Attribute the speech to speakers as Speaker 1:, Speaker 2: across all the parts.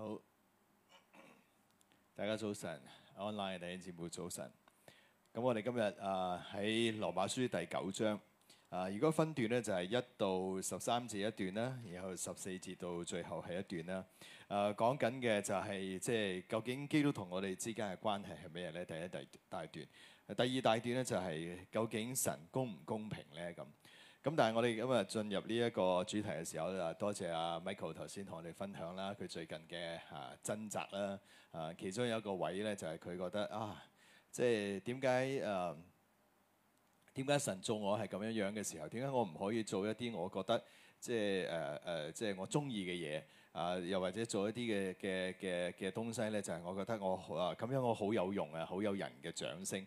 Speaker 1: 好，大家早晨，online 弟兄姊妹早晨。咁我哋今日啊喺呃、《羅馬書》第九章啊、呃，如果分段呢，就係、是，一到十三節一段啦，然後十四節到最後係一段啦。誒、呃，講緊嘅就係即係究竟基督同我哋之間嘅關係係咩嘢咧？第一大段，第二大段咧就係、是，究竟神公唔公平咧咁。咁但係我哋今日進入呢一個主題嘅時候，啊多謝阿 Michael 頭先同我哋分享啦，佢最近嘅啊掙扎啦，啊其中有一個位咧就係佢覺得啊，即係點解誒點解神做我係咁樣樣嘅時候，點解我唔可以做一啲我覺得即係誒誒即係我中意嘅嘢啊？又或者做一啲嘅嘅嘅嘅東西咧，就係我覺得我啊咁樣我好有用啊，好有人嘅掌聲。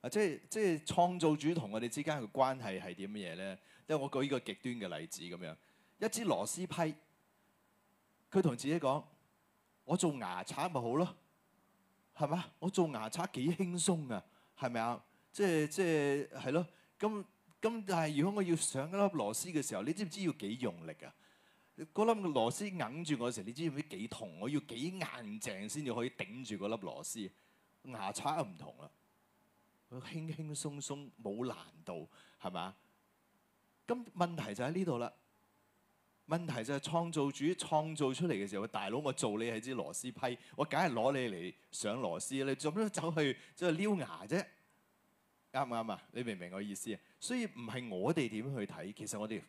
Speaker 1: 啊，即係即係創造主同我哋之間嘅關係係點嘅嘢咧？因為我舉依個極端嘅例子咁樣，一支螺絲批，佢同自己講：我做牙刷咪好咯，係咪？我做牙刷幾輕鬆啊，係咪啊？即係即係係咯。咁咁但係如果我要上一粒螺絲嘅時候，你知唔知要幾用力啊？嗰粒螺絲揞住我時候，你知唔知幾痛？我要幾硬淨先至可以頂住嗰粒螺絲？牙刷又唔同啦。佢輕輕鬆鬆冇難度，係嘛？咁問題就喺呢度啦。問題就係創造主創造出嚟嘅時候，大佬我做你係支螺絲批，我梗係攞你嚟上螺絲，你做咩走去走去撩牙啫？啱唔啱啊？你明唔明我意思啊？所以唔係我哋點去睇，其實我哋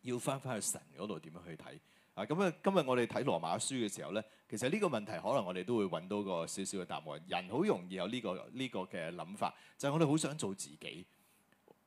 Speaker 1: 要翻返去神嗰度點樣去睇。咁啊，今日我哋睇羅馬書嘅時候呢，其實呢個問題可能我哋都會揾到個少少嘅答案。人好容易有呢個呢個嘅諗法，就係我哋好想做自己。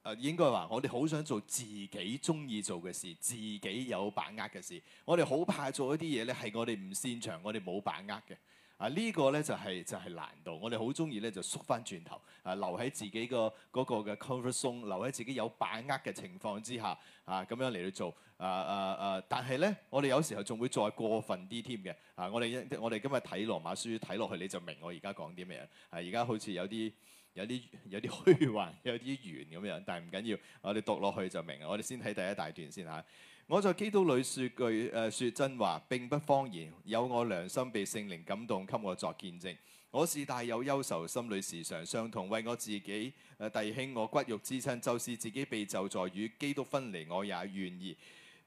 Speaker 1: 誒，應該話我哋好想做自己中意做嘅事，自己有把握嘅事。我哋好怕做一啲嘢呢，係我哋唔擅長，我哋冇把握嘅。啊！呢、這個呢就係、是、就係、是、難度，我哋好中意呢就縮翻轉頭，啊留喺自己、那個嗰嘅 comfort zone 留喺自己有把握嘅情況之下，啊咁樣嚟去做，啊啊啊！但係呢，我哋有時候仲會再過分啲添嘅，啊我哋我哋今日睇羅馬書睇落去你就明我而家講啲咩。啊而家好似有啲有啲有啲虛幻，有啲圓咁樣，但係唔緊要，我哋讀落去就明，我哋先睇第一大段先嚇。啊我在基督裏説句誒説、呃、真話並不謊言，有我良心被聖靈感動，給我作見證。我是大有憂愁，心裡時常傷痛。為我自己誒、呃、弟兄我骨肉之親，就是自己被就在與基督分離，我也願意。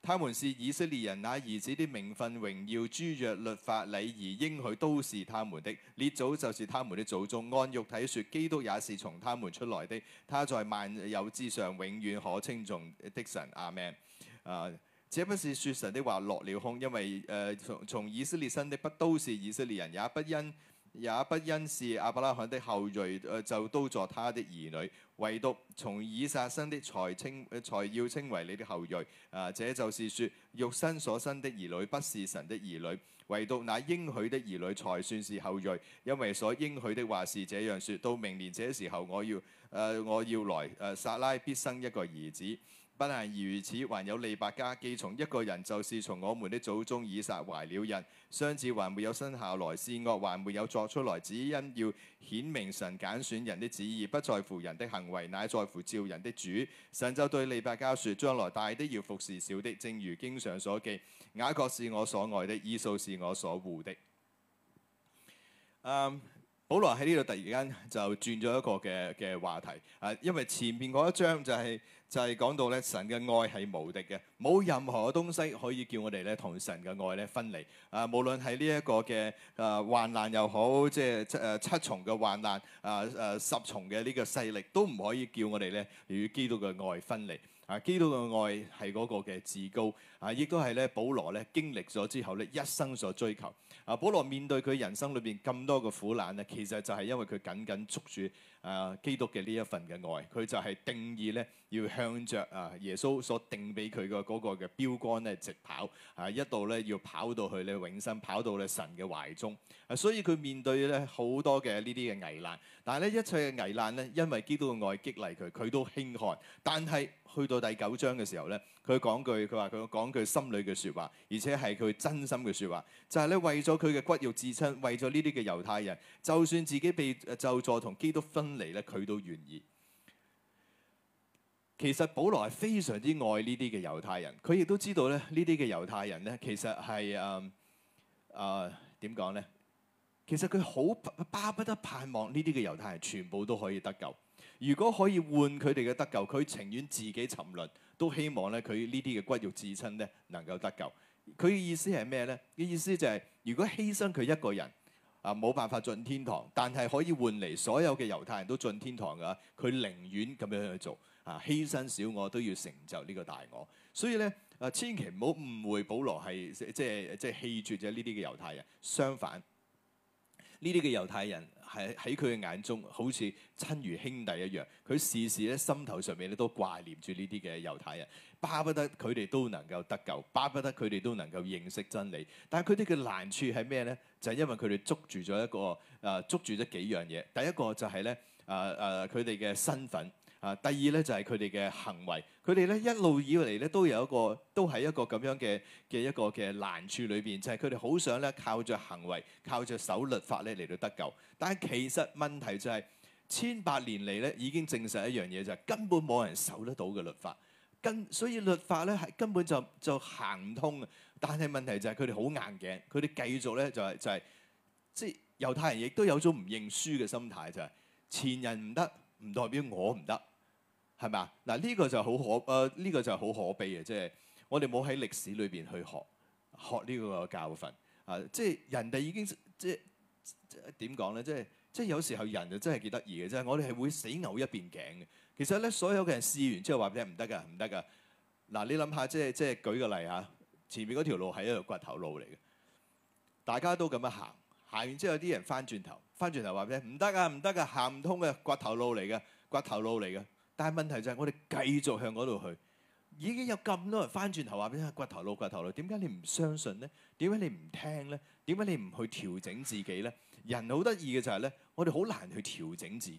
Speaker 1: 他們是以色列人，那兒子的名分、榮耀、諸約律法禮、禮儀、應許都是他們的。列祖就是他們的祖宗。按肉體説，基督也是從他們出來的。他在萬有之上永遠可稱頌的神。阿門。啊、呃。這不是說神的話落了空，因為誒從從以色列生的不都是以色列人，也不因也不因是亞伯拉罕的後裔誒、呃、就都作他的兒女。唯獨從以撒生的才稱才要稱為你的後裔。啊、呃，這就是說，肉身所生的兒女不是神的兒女，唯獨那應許的兒女才算是後裔，因為所應許的話是這樣説：到明年這時候我、呃，我要誒我要來誒、呃，撒拉必生一個兒子。不但如此，還有利百加既從一個人，就是從我們的祖宗以撒懷了孕。雙子還沒有生下來，善惡還沒有作出來，只因要顯明神揀選人的旨意，不在乎人的行為，乃在乎照人的主。神就對利百加說：將來大的要服事小的，正如經上所記，雅各是我所愛的，以掃是我所護的。嗯、um,，保羅喺呢度突然間就轉咗一個嘅嘅話題，啊，因為前面嗰一章就係、是。就係講到咧，神嘅愛係無敵嘅，冇任何嘅東西可以叫我哋咧同神嘅愛咧分離啊！無論係呢一個嘅誒、啊、患難又好，即係誒七、啊、七重嘅患難啊誒十重嘅呢個勢力都唔可以叫我哋咧與基督嘅愛分離。啊！基督嘅愛係嗰個嘅至高啊，亦都係咧。保羅咧經歷咗之後咧，一生所追求啊。保羅面對佢人生裏邊咁多嘅苦難咧，其實就係因為佢緊緊捉住啊基督嘅呢一份嘅愛，佢就係定意咧要向着啊耶穌所定俾佢嘅嗰個嘅標杆咧直跑啊，一度咧要跑到去咧永生，跑到咧神嘅懷中啊。所以佢面對咧好多嘅呢啲嘅危難，但係咧一切嘅危難咧，因為基督嘅愛激勵佢，佢都輕看，但係。去到第九章嘅時候呢，佢講句，佢話佢講句心裏嘅説話，而且係佢真心嘅説話，就係、是、咧為咗佢嘅骨肉至親，為咗呢啲嘅猶太人，就算自己被咒詛同基督分離咧，佢都願意。其實保羅係非常之愛呢啲嘅猶太人，佢亦都知道咧呢啲嘅猶太人、呃呃、呢，其實係誒誒點講呢？其實佢好巴不得盼望呢啲嘅猶太人全部都可以得救。如果可以換佢哋嘅得救，佢情願自己沉淪，都希望咧佢呢啲嘅骨肉至親咧能夠得救。佢嘅意思係咩咧？嘅意思就係如果犧牲佢一個人啊冇辦法進天堂，但係可以換嚟所有嘅猶太人都進天堂嘅，佢寧願咁樣去做啊，犧牲小我都要成就呢個大我。所以咧啊，千祈唔好誤會保羅係即係即係棄絕咗呢啲嘅猶太人。相反，呢啲嘅猶太人。喺佢嘅眼中，好似親如兄弟一樣。佢事事咧，心頭上面咧都掛念住呢啲嘅猶太人，巴不得佢哋都能夠得救，巴不得佢哋都能夠認識真理。但係佢哋嘅難處係咩呢？就係、是、因為佢哋捉住咗一個啊、呃，捉住咗幾樣嘢。第一個就係、是、咧，啊、呃、啊，佢哋嘅身份。啊，第二咧就係佢哋嘅行為，佢哋咧一路以嚟咧都有一個，都係一個咁樣嘅嘅一個嘅難處裏邊，就係佢哋好想咧靠著行為，靠著守律法咧嚟到得救。但係其實問題就係，千百年嚟咧已經證實一樣嘢，就係根本冇人守得到嘅律法，根所以律法咧係根本就就行唔通。但係問題就係佢哋好硬頸，佢哋繼續咧就係就係即係猶太人亦都有種唔認輸嘅心態，就係前人唔得唔代表我唔得。係嘛嗱？呢個就好可誒，呢、呃呢個就好可悲嘅，即係我哋冇喺歷史裏邊去學學呢個教訓啊！即係人哋已經即係點講咧？即係即係有時候人就真係幾得意嘅，即係我哋係會死牛一邊頸嘅。其實咧，所有嘅人試完之後話畀你唔得㗎，唔得㗎！嗱，你諗下，即係即係舉個例啊，前面嗰條路係一個骨頭路嚟嘅，大家都咁樣行行完之後，有啲人翻轉頭翻轉頭話畀你唔得啊，唔得㗎，行唔通嘅骨頭路嚟嘅，骨頭路嚟嘅。但係問題就係我哋繼續向嗰度去，已經有咁多人翻轉頭話俾你聽，骨頭路骨頭路，點解你唔相信呢？點解你唔聽呢？點解你唔去調整自己呢？人好得意嘅就係呢。我哋好難去調整自己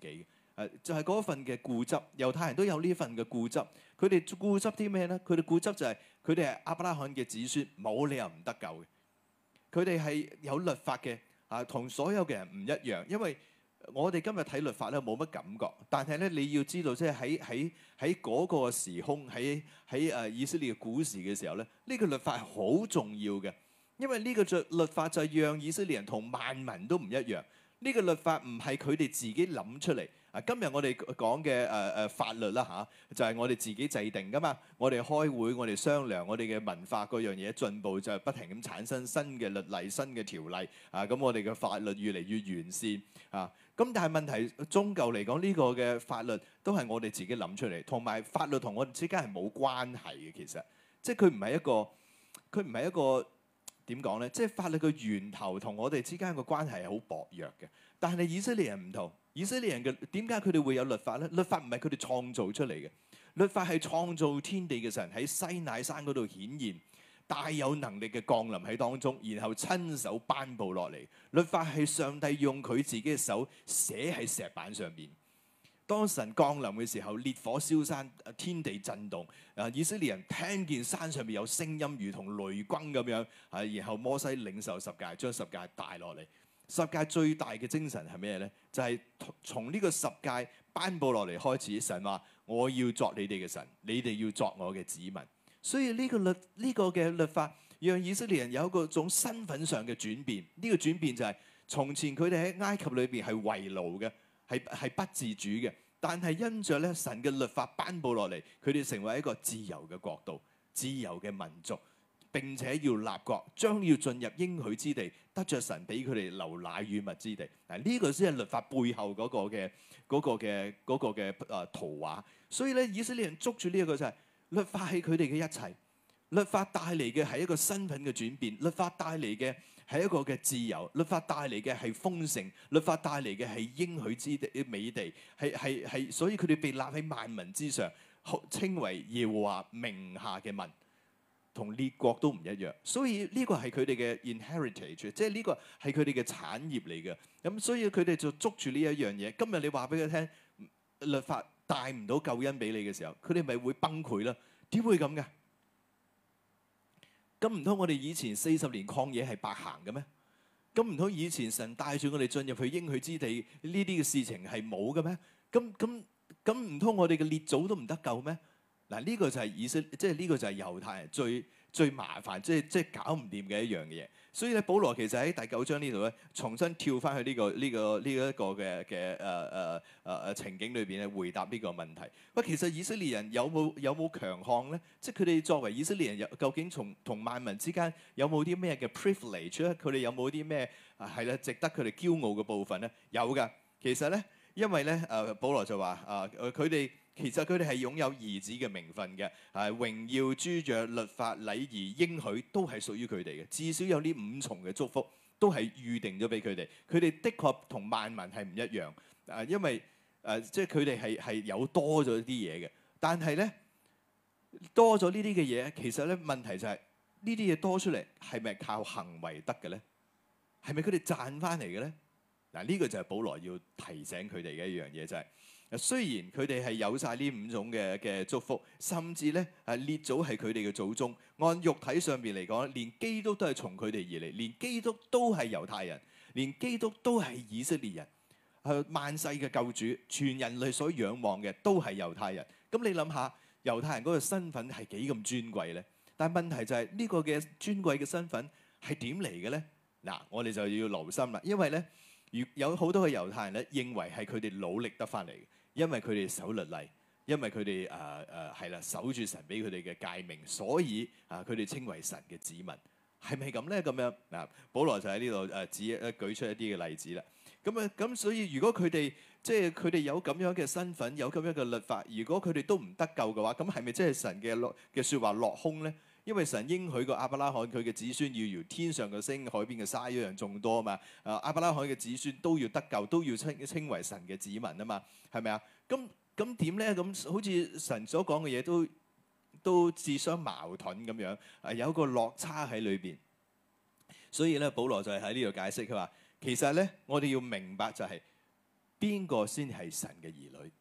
Speaker 1: 嘅，就係、是、嗰份嘅固執。猶太人都有呢份嘅固執，佢哋固執啲咩呢？佢哋固執就係佢哋係亞伯拉罕嘅子孫，冇理由唔得救嘅。佢哋係有律法嘅，啊，同所有嘅人唔一樣，因為。我哋今日睇律法咧，冇乜感覺，但係咧你要知道，即係喺喺喺嗰個時空，喺喺誒以色列嘅古時嘅時候咧，呢個律法係好重要嘅，因為呢個律法就係讓以色列人同萬民都唔一樣。呢個律法唔係佢哋自己諗出嚟啊。今日我哋講嘅誒誒法律啦嚇，就係我哋自己制定噶嘛。我哋開會，我哋商量，我哋嘅文化嗰樣嘢進步就係不停咁產生新嘅律例、新嘅條例啊。咁我哋嘅法律越嚟越完善啊。咁但係問題，終究嚟講呢個嘅法律都係我哋自己諗出嚟，同埋法律同我哋之間係冇關係嘅。其實即係佢唔係一個，佢唔係一個點講呢？即係法律嘅源頭同我哋之間嘅關係係好薄弱嘅。但係以色列人唔同，以色列人嘅點解佢哋會有律法呢？律法唔係佢哋創造出嚟嘅，律法係創造天地嘅神喺西乃山嗰度顯現。大有能力嘅降臨喺當中，然後親手頒布落嚟，律法係上帝用佢自己嘅手寫喺石板上面。當神降臨嘅時候，烈火燒山，天地震動。啊，以色列人聽見山上邊有聲音，如同雷轟咁樣。啊，然後摩西領受十戒，將十戒帶落嚟。十戒最大嘅精神係咩呢？就係從呢個十戒頒布落嚟開始，神話我要作你哋嘅神，你哋要作我嘅子民。所以呢個律呢個嘅律法，讓以色列人有一個種身份上嘅轉變。呢個轉變就係從前佢哋喺埃及裏邊係為奴嘅，係係不自主嘅。但係因着咧神嘅律法頒布落嚟，佢哋成為一個自由嘅國度、自由嘅民族，並且要立國，將要進入應許之地，得着神俾佢哋流奶與蜜之地。啊，呢個先係律法背後嗰個嘅嗰個嘅嗰個嘅啊圖畫。所以咧，以色列人捉住呢一個就係。律法係佢哋嘅一切，律法帶嚟嘅係一個身份嘅轉變，律法帶嚟嘅係一個嘅自由，律法帶嚟嘅係豐盛，律法帶嚟嘅係應許之地美地，係係係，所以佢哋被立喺萬民之上，稱為耶和華名下嘅民，同列國都唔一樣。所以呢個係佢哋嘅 inheritance，即係呢個係佢哋嘅產業嚟嘅。咁所以佢哋就捉住呢一樣嘢。今日你話俾佢聽，律法，帶唔到救恩俾你嘅時候，佢哋咪會崩潰啦？點會咁嘅？咁唔通我哋以前四十年曠野係白行嘅咩？咁唔通以前神帶住我哋進入去應許之地呢啲嘅事情係冇嘅咩？咁咁咁唔通我哋嘅列祖都唔得救咩？嗱、這、呢個就係以色，即係呢個就係猶太人最。最麻煩即係即係搞唔掂嘅一樣嘢，所以咧，保羅其實喺第九章呢度咧，重新跳翻去呢個呢個呢一個嘅嘅誒誒誒誒情景裏邊咧，回答呢個問題。喂，其實以色列人有冇有冇強項咧？即係佢哋作為以色列人，又究竟從同萬民之間有冇啲咩嘅 privilege？佢哋有冇啲咩係啦？值得佢哋驕傲嘅部分咧？有㗎。其實咧，因為咧誒、呃，保羅就話誒佢哋。呃呃呃其實佢哋係擁有兒子嘅名分嘅，係、啊、榮耀、諸約、律法、禮儀、應許都係屬於佢哋嘅。至少有呢五重嘅祝福都係預定咗俾佢哋。佢哋的確同萬民係唔一樣，啊，因為誒、啊，即係佢哋係係有多咗啲嘢嘅。但係咧，多咗呢啲嘅嘢，其實咧問題就係呢啲嘢多出嚟係咪靠行為得嘅咧？係咪佢哋賺翻嚟嘅咧？嗱、啊，呢、這個就係保羅要提醒佢哋嘅一樣嘢就係、是。雖然佢哋係有晒呢五種嘅嘅祝福，甚至咧係列祖係佢哋嘅祖宗，按肉體上邊嚟講，連基督都係從佢哋而嚟，連基督都係猶太人，連基督都係以色列人，係萬世嘅救主，全人類所仰望嘅都係猶太人。咁你諗下，猶太人嗰個身份係幾咁尊貴呢？但係問題就係呢個嘅尊貴嘅身份係點嚟嘅呢？嗱，我哋就要留心啦，因為咧，有好多嘅猶太人咧認為係佢哋努力得翻嚟。因為佢哋守律例，因為佢哋誒誒係啦，守住神俾佢哋嘅誡命，所以啊，佢哋稱為神嘅子民，係咪咁咧？咁樣嗱，保羅就喺呢度誒，指舉出一啲嘅例子啦。咁啊，咁所以如果佢哋即係佢哋有咁樣嘅身份，有咁樣嘅律法，如果佢哋都唔得救嘅話，咁係咪真係神嘅落嘅説話落空咧？因為神應許個亞伯拉罕佢嘅子孫要如天上嘅星、海邊嘅沙一樣眾多啊嘛，誒、啊、亞伯拉罕嘅子孫都要得救，都要稱稱為神嘅子民啊嘛，係咪啊？咁咁點咧？咁好似神所講嘅嘢，都都自相矛盾咁樣，誒，有個落差喺裏邊。所以咧，保羅就喺呢度解釋佢話，其實咧，我哋要明白就係、是、邊個先係神嘅兒女？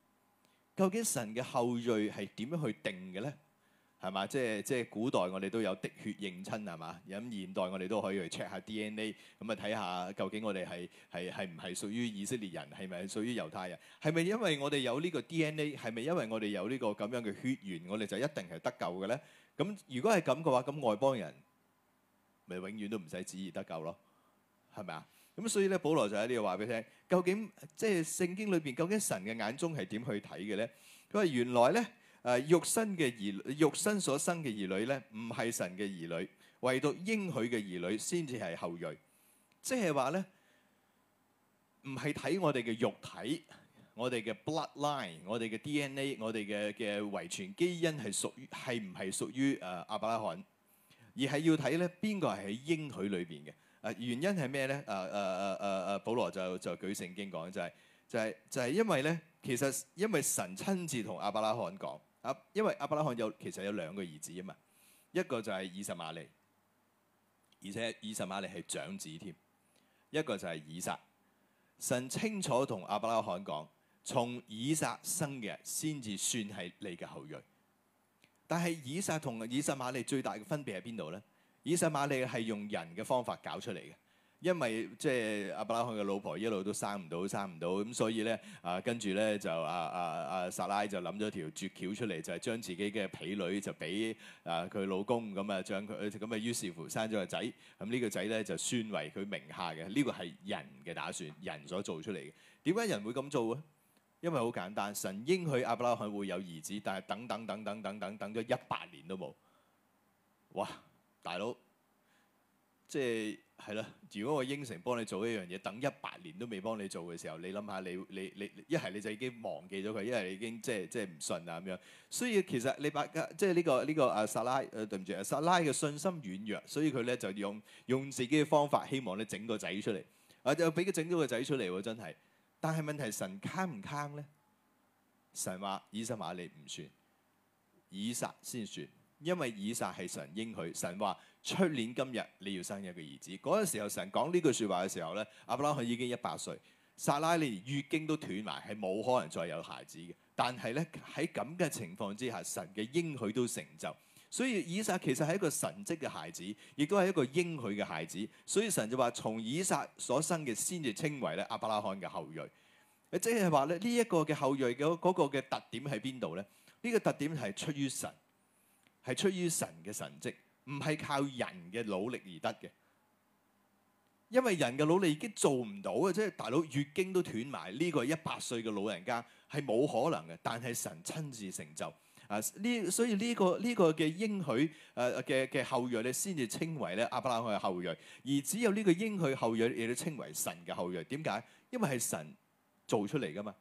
Speaker 1: 究竟神嘅後裔係點樣去定嘅咧？係嘛？即係即係古代我哋都有滴血認親係嘛？咁現代我哋都可以去 check 下 DNA，咁啊睇下究竟我哋係係係唔係屬於以色列人，係咪屬於猶太人？係咪因為我哋有呢個 DNA？係咪因為我哋有呢個咁樣嘅血緣，我哋就一定係得救嘅咧？咁如果係咁嘅話，咁外邦人咪永遠都唔使旨意得救咯？係咪啊？咁所以咧，保羅就喺呢度話俾你聽，究竟即係聖經裏邊究竟神嘅眼中係點去睇嘅咧？佢話原來咧。誒、啊，肉身嘅兒，肉身所生嘅兒女咧，唔係神嘅兒女，唯獨應許嘅兒女先至係後裔。即係話咧，唔係睇我哋嘅肉體，我哋嘅 bloodline，我哋嘅 DNA，我哋嘅嘅遺傳基因係屬於係唔係屬於誒亞伯拉罕，而係要睇咧邊個係喺應許裏邊嘅。誒、啊、原因係咩咧？誒誒誒誒誒，保羅就就舉聖經講就係、是、就係、是、就係、是、因為咧，其實因為神親自同亞伯拉罕講。因為亞伯拉罕有其實有兩個兒子啊嘛，一個就係以實瑪利，而且以實瑪利係長子添，一個就係以撒。神清楚同亞伯拉罕講，從以撒生嘅先至算係你嘅後裔。但係以撒同以實瑪利最大嘅分別喺邊度咧？以實瑪利係用人嘅方法搞出嚟嘅。因為即係阿伯拉罕嘅老婆一路都生唔到生唔到，咁所以咧啊跟住咧就啊啊啊撒拉就諗咗條絕橋出嚟，就係、是、將自己嘅婢女就俾啊佢老公咁啊，將佢咁啊，於是乎生咗、這個仔，咁呢個仔咧就算為佢名下嘅。呢、這個係人嘅打算，人所做出嚟嘅。點解人會咁做啊？因為好簡單，神應許阿伯拉罕會有兒子，但係等等等等等等等咗一百年都冇。哇，大佬，即係～係啦，如果我應承幫你做一樣嘢，等一百年都未幫你做嘅時候，你諗下，你你你一係你，你，你就已經忘記咗佢，一係你已經即係即係唔信啊咁樣。所以其實你把即係、呢、呢個呢、呢個啊撒拉誒、啊、對唔住啊撒拉嘅信心軟弱，所以佢咧就用用自己嘅方法，希望咧整個仔出嚟，又俾佢整到個仔出嚟喎，真係。但係問題係神坑唔坑咧？神話以實瑪利唔算，以撒先算，因為以撒係神應佢。神話。出年今日你要生一個兒子，嗰陣時候神講呢句說話嘅時候咧，亞伯拉罕已經一百歲，撒拉連月經都斷埋，係冇可能再有孩子嘅。但係咧，喺咁嘅情況之下，神嘅應許都成就。所以以撒其實係一個神蹟嘅孩子，亦都係一個應許嘅孩子。所以神就話從以撒所生嘅先至稱為咧亞伯拉罕嘅後裔。即係話咧，呢一個嘅後裔嘅嗰個嘅特點喺邊度咧？呢個特點係出於神，係出於神嘅神蹟。唔係靠人嘅努力而得嘅，因為人嘅努力已經做唔到啊！即係大佬月經都斷埋，呢個一百歲嘅老人家係冇可能嘅。但係神親自成就啊！呢所以呢個呢個嘅應許誒嘅嘅後裔，你先至稱為咧亞伯拉罕嘅後裔。而只有呢個應許後裔，亦都稱為神嘅後裔。點解？因為係神做出嚟噶嘛，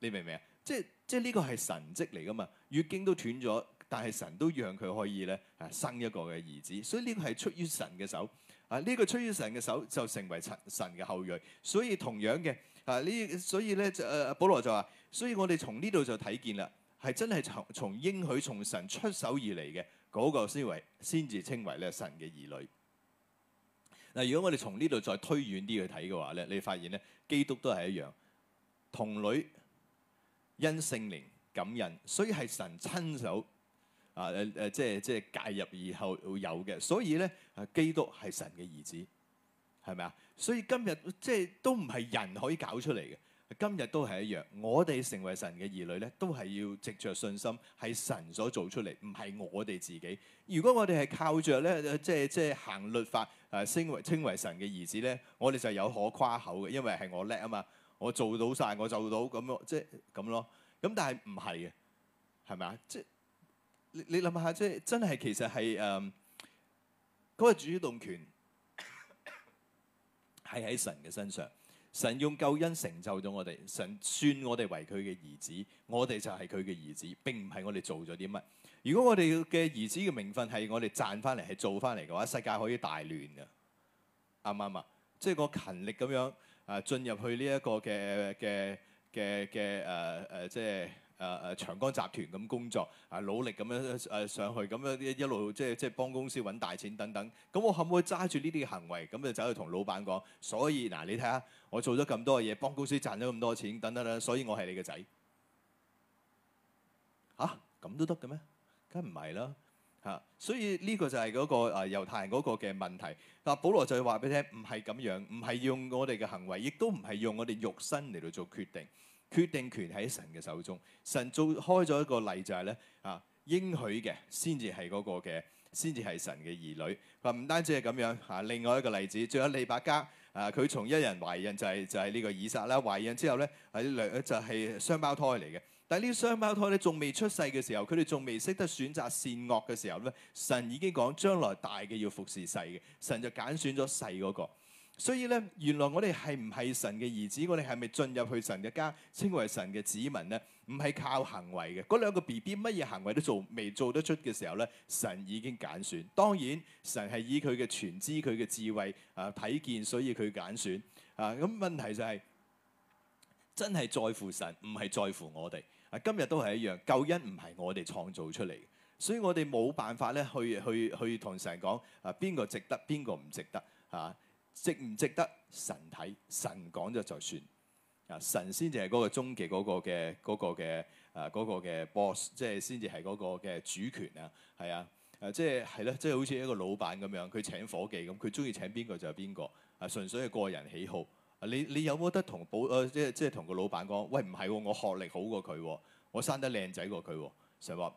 Speaker 1: 你明唔明啊？即係即係呢個係神跡嚟噶嘛。月經都斷咗。但係神都讓佢可以咧，生一個嘅兒子，所以呢個係出於神嘅手。啊，呢個出於神嘅手就成為神神嘅後裔。所以同樣嘅啊呢，所以咧就啊保羅就話，所以我哋從呢度就睇見啦，係真係從從應許從神出手而嚟嘅嗰個思維，先至稱為咧神嘅兒女。嗱，如果我哋從呢度再推遠啲去睇嘅話咧，你發現咧基督都係一樣，童女因聖靈感應，所以係神親手。啊！誒、啊、誒，即係即係介入，以後會有嘅。所以咧，基督係神嘅兒子，係咪啊？所以今日即係都唔係人可以搞出嚟嘅。今日都係一樣，我哋成為神嘅兒女咧，都係要藉着信心，係神所做出嚟，唔係我哋自己。如果我哋係靠著咧，即係即係行律法，誒、啊、稱為稱為神嘅兒子咧，我哋就有可誇口嘅，因為係我叻啊嘛，我做到晒，我做到咁樣，即係咁咯。咁但係唔係嘅，係咪啊？即係。你你諗下啫，真係其實係誒，嗰個主動權係喺神嘅身上。神用救恩成就咗我哋，神算我哋為佢嘅兒子，我哋就係佢嘅兒子，並唔係我哋做咗啲乜。如果我哋嘅兒子嘅名分係我哋賺翻嚟、係做翻嚟嘅話，世界可以大亂噶。啱唔啱啊？即係個勤力咁樣啊，進入去呢一個嘅嘅嘅嘅誒誒，即係。誒誒長江集團咁工作，啊努力咁樣誒上去，咁樣一一路即係即係幫公司揾大錢等等。咁我可唔可以揸住呢啲行為咁就走去同老闆講？所以嗱，你睇下我做咗咁多嘢，幫公司賺咗咁多錢等等啦。所以我係你嘅仔嚇，咁都得嘅咩？梗唔係啦嚇。所以呢個就係嗰個誒猶太人嗰個嘅問題。嗱，保羅就話俾你聽，唔係咁樣，唔係用我哋嘅行為，亦都唔係用我哋肉身嚟到做決定。決定權喺神嘅手中，神做開咗一個例就係、是、咧啊，應許嘅先至係嗰個嘅，先至係神嘅兒女。佢唔單止係咁樣，啊，另外一個例子，仲有利百加。啊，佢從一人懷孕就係、是、就係、是、呢個以撒啦，懷孕之後咧喺兩就係、是、雙胞胎嚟嘅。但係呢啲雙胞胎咧仲未出世嘅時候，佢哋仲未識得選擇善惡嘅時候咧，神已經講將來大嘅要服侍細嘅，神就揀選咗細嗰個。所以咧，原來我哋係唔係神嘅兒子？我哋係咪進入去神嘅家，稱為神嘅子民呢？唔係靠行為嘅。嗰兩個 B B 乜嘢行為都做，未做得出嘅時候咧，神已經揀選。當然神，神係以佢嘅全知、佢嘅智慧啊睇見，所以佢揀選啊。咁問題就係、是、真係在乎神，唔係在乎我哋、啊。今日都係一樣，救恩唔係我哋創造出嚟嘅，所以我哋冇辦法咧去去去同神講啊邊個值得，邊個唔值得啊？值唔值得神睇？神講咗就算、那個那個 oss，是是啊，啊神先就係嗰個終極嗰個嘅嗰嘅啊嗰嘅 boss，即係先至係嗰個嘅主權啊，係啊，誒即係係咧，即係好似一個老闆咁樣，佢請伙計咁，佢中意請邊個就係邊個，啊純粹係個人喜好。啊你你有冇得同保誒即係即係同個老闆講？喂唔係、啊，我學歷好過佢，我生得靚仔過佢、啊，實話，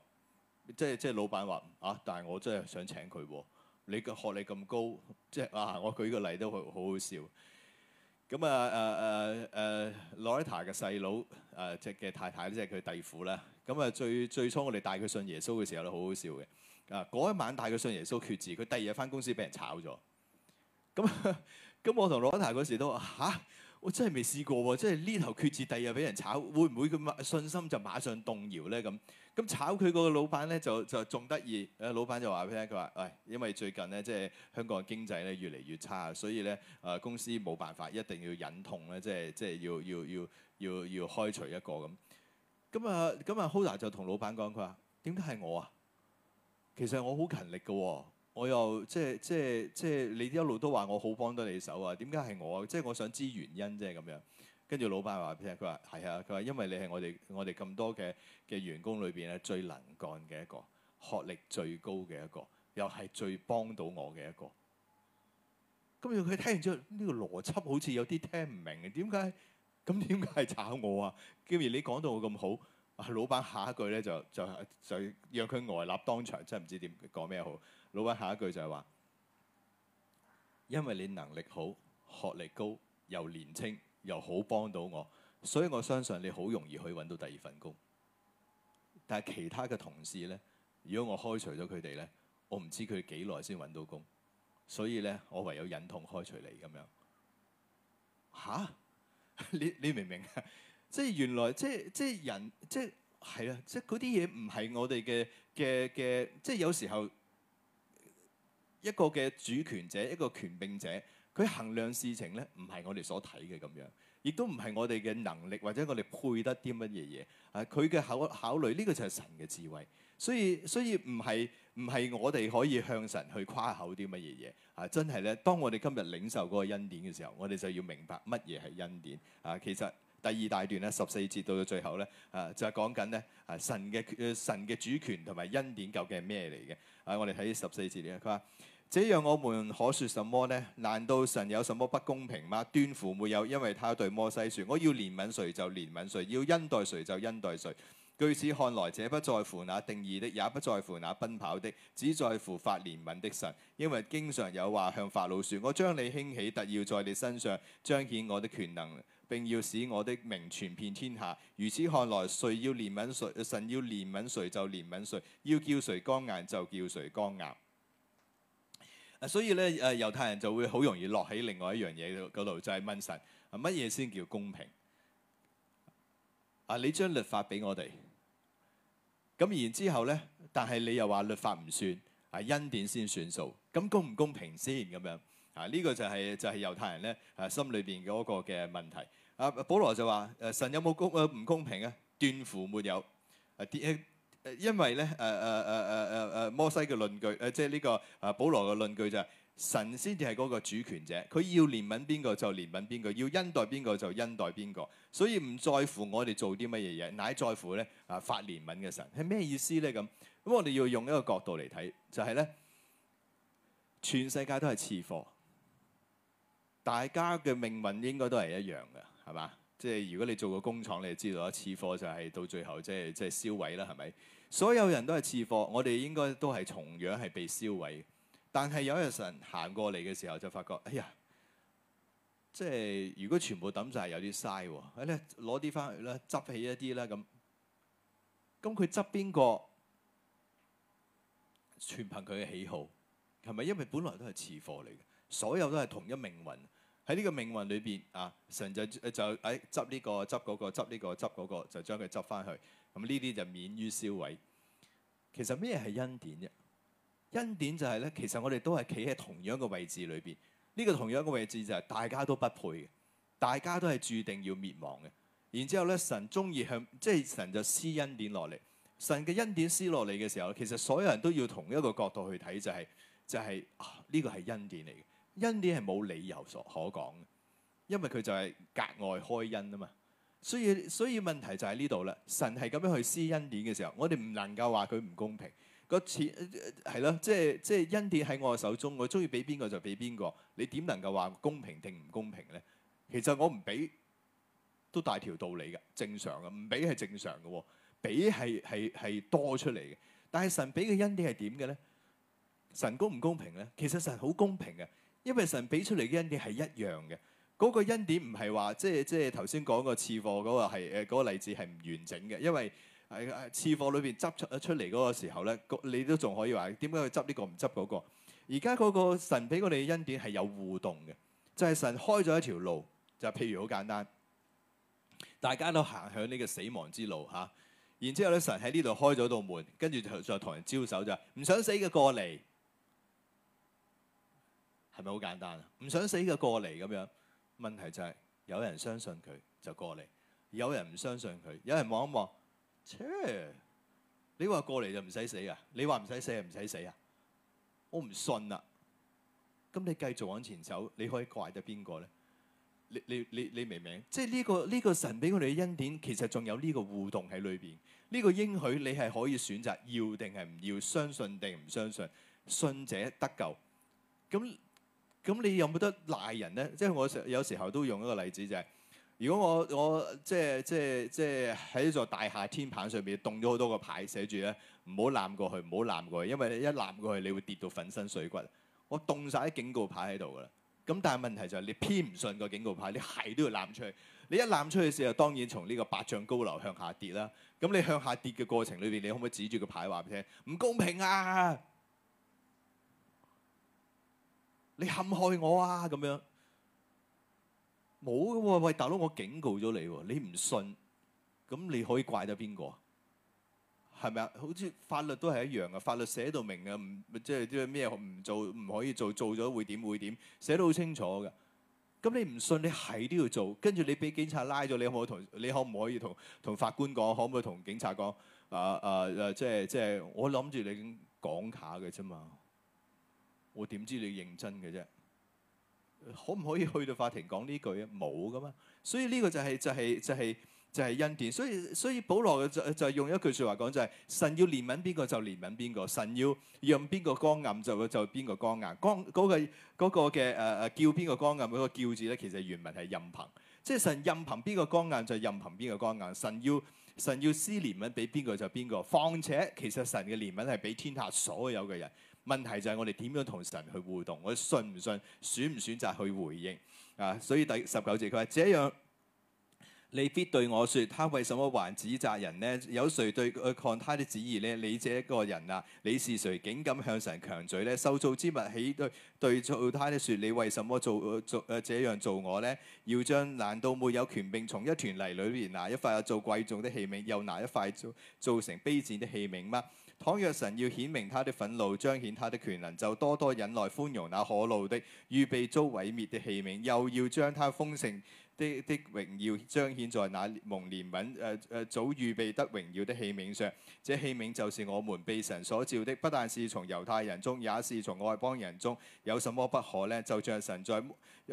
Speaker 1: 即係即係老闆話嚇，但係我真係想請佢喎、啊。你個學歷咁高，即係啊！我舉個例都好好好笑。咁啊誒誒誒，羅埃塔嘅細佬誒即係嘅太太即係佢弟婦啦。咁啊最最初我哋帶佢信耶穌嘅時候咧，都好好笑嘅。啊嗰一晚帶佢信耶穌決志，佢第二日翻公司俾人炒咗。咁咁 我同羅埃塔嗰時都話、啊我真係未試過喎，即係呢頭決志，第二日俾人炒，會唔會佢信心就馬上動搖呢？咁咁炒佢個老闆呢，就就仲得意，誒老闆就話俾佢聽，佢話：喂，因為最近呢，即係香港經濟咧越嚟越差，所以呢，誒公司冇辦法，一定要忍痛咧，即係即係要要要要要開除一個咁。咁啊，咁啊 Hoda 就同老闆講：佢話點解係我啊？其實我好勤力嘅喎。我又即係即係即係，你一路都話我好幫到你手啊！點解係我？啊？即係我想知原因即係咁樣。跟住老闆話俾佢，佢話係啊，佢話因為你係我哋我哋咁多嘅嘅員工裏邊咧最能幹嘅一個，學歷最高嘅一個，又係最幫到我嘅一個。咁佢聽完之後呢個，邏輯好，好似有啲聽唔明，點解咁點解係炒我啊？既然你講到我咁好，老闆下一句咧就就就讓佢呆立當場，真係唔知點講咩好。老闆下一句就係話：因為你能力好、學歷高、又年青、又好幫到我，所以我相信你好容易可以揾到第二份工。但係其他嘅同事呢，如果我開除咗佢哋呢，我唔知佢幾耐先揾到工。所以呢，我唯有忍痛開除你咁樣。吓？ 你你明唔明？即係原來，即係人，即係係啊！即係嗰啲嘢唔係我哋嘅嘅嘅，即係有時候。一個嘅主權者，一個權柄者，佢衡量事情咧，唔係我哋所睇嘅咁樣，亦都唔係我哋嘅能力或者我哋配得啲乜嘢嘢啊！佢嘅考考慮呢、這個就係神嘅智慧，所以所以唔係唔係我哋可以向神去誇口啲乜嘢嘢啊！真係咧，當我哋今日領受嗰個恩典嘅時候，我哋就要明白乜嘢係恩典啊！其實第二大段咧十四節到到最後咧啊，就係講緊咧啊神嘅、呃、神嘅主權同埋恩典究竟係咩嚟嘅啊！我哋睇十四節咧，佢話。這樣我們可説什麼呢？難道神有什麼不公平嗎？斷乎沒有，因為他對摩西説：我要憐憫誰就憐憫誰，要恩待誰就恩待誰。據此看來，這不在乎那定意的，也不在乎那奔跑的，只在乎發憐憫的神，因為經上有話向法老説：我將你興起，特要在你身上彰顯我的權能，並要使我的名傳遍天下。如此看來，誰要憐憫誰，神要憐憫誰就憐憫誰，要叫誰剛硬就叫誰剛硬。所以咧，誒猶太人就會好容易落喺另外一樣嘢嗰度，就係問神：乜嘢先叫公平？啊，你將律法俾我哋，咁然之後咧，但係你又話律法唔算，啊恩典先算數，咁公唔公平先咁樣？啊呢個就係就係猶太人咧，啊心裏邊嗰個嘅問題。啊，保羅就話：誒神有冇公誒唔公平啊？斷乎沒有。啊啲。因為咧，誒誒誒誒誒誒，摩西嘅論據，誒、啊，即係呢、這個誒、啊，保羅嘅論據就係、是、神先至係嗰個主權者，佢要憐憫邊個就憐憫邊個，要恩待邊個就恩待邊個，所以唔在乎我哋做啲乜嘢嘢，乃在乎咧啊發憐憫嘅神係咩意思咧？咁咁我哋要用一個角度嚟睇，就係、是、咧全世界都係次貨，大家嘅命運應該都係一樣嘅，係嘛？即係如果你做過工廠，你就知道啊，次貨就係到最後即係即係燒毀啦，係、就、咪、是？就是所有人都係次貨，我哋應該都係同樣係被燒毀。但係有一日神行過嚟嘅時候，就發覺，哎呀，即係如果全部抌晒，有啲嘥喎。誒咧，攞啲翻去啦，執起一啲啦，咁。咁佢執邊個？全憑佢嘅喜好，係咪？因為本來都係次貨嚟嘅，所有都係同一命運。喺呢個命運裏邊，啊，神就就誒執呢個，執嗰個，執呢個，執嗰個，就將佢執翻去。咁呢啲就免於消毀。其實咩係恩典啫？恩典就係咧，其實我哋都係企喺同樣嘅位置裏邊。呢個同樣嘅位置就係大家都不配嘅，大家都係注定要滅亡嘅。然之後咧，神中意向即係神就施恩典落嚟。神嘅恩典施落嚟嘅時候，其實所有人都要同一個角度去睇，就係就係呢個係恩典嚟嘅。恩典係冇理由所可講嘅，因為佢就係格外開恩啊嘛。所以所以問題就喺呢度啦。神係咁樣去施恩典嘅時候，我哋唔能夠話佢唔公平。個錢係咯，即係即係恩典喺我手中，我中意俾邊個就俾邊個。你點能夠話公平定唔公平咧？其實我唔俾都大條道理嘅，正常嘅，唔俾係正常嘅，俾係係係多出嚟嘅。但係神俾嘅恩典係點嘅咧？神公唔公平咧？其實神好公平嘅，因為神俾出嚟嘅恩典係一樣嘅。嗰個恩典唔係話即係即係頭先講個次貨嗰個係誒、呃嗰個、例子係唔完整嘅，因為係係、啊、次貨裏邊執出出嚟嗰個時候咧，你都仲可以話點解佢執呢個唔執嗰個？而家嗰個神俾我哋嘅恩典係有互動嘅，就係、係、神開咗一條路，就係、譬如好簡單，大家都行向呢個死亡之路嚇、啊，然之後咧神喺呢度開咗道門，跟住就再同人招手就唔想死嘅過嚟，係咪好簡單啊？唔想死嘅過嚟咁樣。問題就係有人相信佢就過嚟，有人唔相信佢，有人望一望，切！你話過嚟就唔使死啊？你話唔使死就唔使死啊？我唔信啦！咁你繼續往前走，你可以怪得邊個呢？你你你你明唔明？即係呢個呢個神俾我哋嘅恩典，其實仲有呢個互動喺裏邊。呢個應許你係可以選擇要定係唔要，相信定唔相信，信者得救。咁。咁你有冇得賴人呢？即係我有時候都用一個例子就係，如果我我即係即係即係喺座大廈天棚上邊，棟咗好多個牌寫住咧，唔好攬過去，唔好攬過去，因為你一攬過去，你會跌到粉身碎骨。我棟晒啲警告牌喺度噶啦。咁但係問題就係你偏唔信個警告牌，你係都要攬出去。你一攬出去嘅時候，當然從呢個百丈高樓向下跌啦。咁你向下跌嘅過程裏邊，你可唔可以指住個牌話俾你聽？唔公平啊！你陷害我啊，咁樣，冇喎，喂，大佬，我警告咗你喎，你唔信，咁你可以怪得邊個？係咪啊？好似法律都係一樣嘅，法律寫到明嘅，唔即係啲咩唔做唔可以做，做咗會點會點，寫得好清楚嘅。咁你唔信，你係都要做，跟住你俾警察拉咗，你可唔可以同你可唔可以同同法官講，可唔可以同警察講？啊啊啊！即係即係，我諗住你講下嘅啫嘛。我點知你認真嘅啫？可唔可以去到法庭講呢句啊？冇噶嘛，所以呢個就係就係就係就係恩典。所以所以保羅就就係用一句説話講就係：神要憐憫邊個就憐憫邊個，神要讓邊個剛硬就就邊個剛硬。剛嗰個嗰個嘅誒誒叫邊個剛硬嗰個叫字咧，其實原文係任憑，即係神任憑邊個剛硬就任憑邊個剛硬。神要神要施憐憫俾邊個就邊個。況且其實神嘅憐憫係俾天下所有嘅人。問題就係我哋點樣同神去互動？我哋信唔信？選唔選擇去回應？啊，所以第十九節佢話：這樣你必對我説，他為什麼還指責人呢？有誰對抗他的旨意呢？你這個人啊，你是誰竟敢向神強嘴呢？受造之物起對對造他的説，說你為什麼做做誒、啊、這樣做我呢？要將難道沒有權柄從一團泥裏面拿一塊做貴重的器皿，又拿一塊做做成卑賤的器皿嗎？倘若神要顯明他的憤怒，彰顯他的權能，就多多忍耐，寬容那可怒的、預備遭毀滅的器皿；又要將他豐盛的的榮耀彰顯在那蒙憐憫、誒、啊、誒、啊、早預備得榮耀的器皿上。這器皿就是我們被神所召的，不但是從猶太人中，也是從外邦人中。有什麼不可呢？就像神在誒、